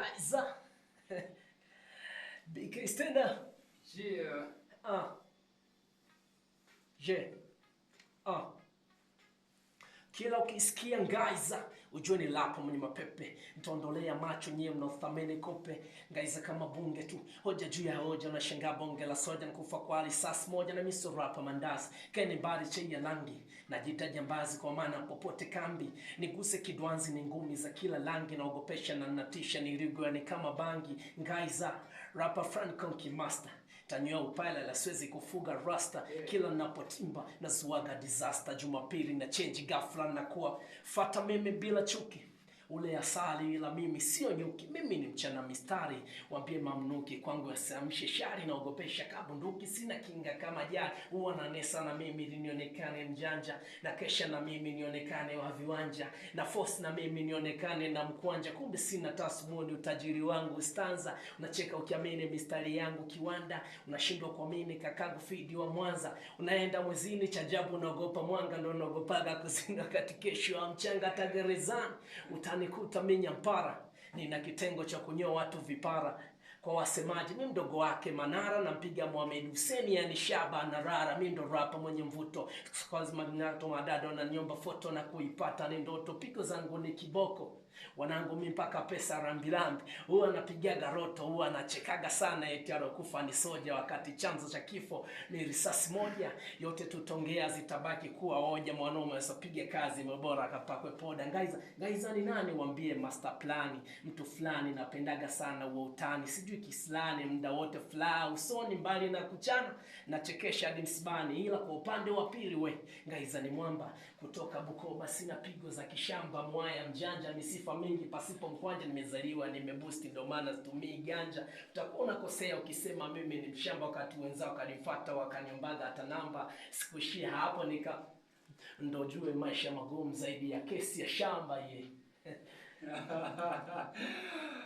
Kanisa. Bi Cristina. Și... Uh... Eh, A. chiar A. Kilo în gaiza. ujue ni lako mwenye mapepe, nitaondolea macho nyie mnaothamini kope, ngaiza kama bunge tu, hoja juu ya hoja, unashangaa bonge la soja, nkufa kwa risasi moja na misorapa mandazi, kaeni bari chei ya langi, najita jambazi kwa maana popote kambi, niguse kidwanzi, ni ngumi za kila langi, naogopesha na natisha, nirigwa ni kama bangi, ngaiza rapa Franco master tanyoa upaila la siwezi kufuga rasta Kila napotimba na zuaga disaster, Jumapili na change gafla na kuwa fata meme bila לצ'וקי. ule asali, ila mimi sio nyuki, mimi ni mchana mistari. Wambie mamnuki kwangu asiamshe shari, naogopesha kabunduki, sina kinga kama ja, huwa nane na mimi nionekane mjanja, na kesha na mimi nionekane wa viwanja, na force na mimi nionekane na mkwanja, kumbe sina tasmoni, utajiri wangu stanza, unacheka ukiamini mistari yangu kiwanda, unashindwa kwa mimi kakangu fidi wa Mwanza, unaenda mwezini chajabu, unaogopa mwanga, ndo unaogopaga kuzini wakati kesho wa mchanga tagerezani utan nikutaminya mpara nina kitengo cha kunyoa watu vipara, kwa wasemaji, mi mdogo wake Manara nampiga Mohamed Hussein, yani Shaba na Rara. mi ndo rapa mwenye mvuto kwanza magnato madada na nyomba foto na kuipata ni ndoto, pigo zangu ni kiboko wanangu mi mpaka pesa rambirambi, huwa anapigia garoto, huwa anachekaga sana eti alokufa ni soja, wakati chanzo cha kifo ni risasi moja. Yote tutongea zitabaki kuwa hoja. Mwanaume asopiga kazi mbora akapakwe poda. Ngaiza, Ngaiza ni nani? Wambie master plani, mtu fulani napendaga sana wa utani sijui sijui kislani muda wote, furaha usoni, mbali na kuchana na chekesha hadi msibani. Ila kwa upande wa pili, we ngaiza ni mwamba kutoka Bukoba, sina pigo za kishamba, mwaya mjanja, ni sifa mingi pasipo mkwanja. Nimezaliwa nimebusti, ndio maana situmii ganja. Utakuwa unakosea ukisema mimi ni mshamba, wakati wenzao wakanifata wakanimbaga hata namba. Sikuishia hapo, nika ndo jue maisha magumu zaidi ya kesi ya shamba ye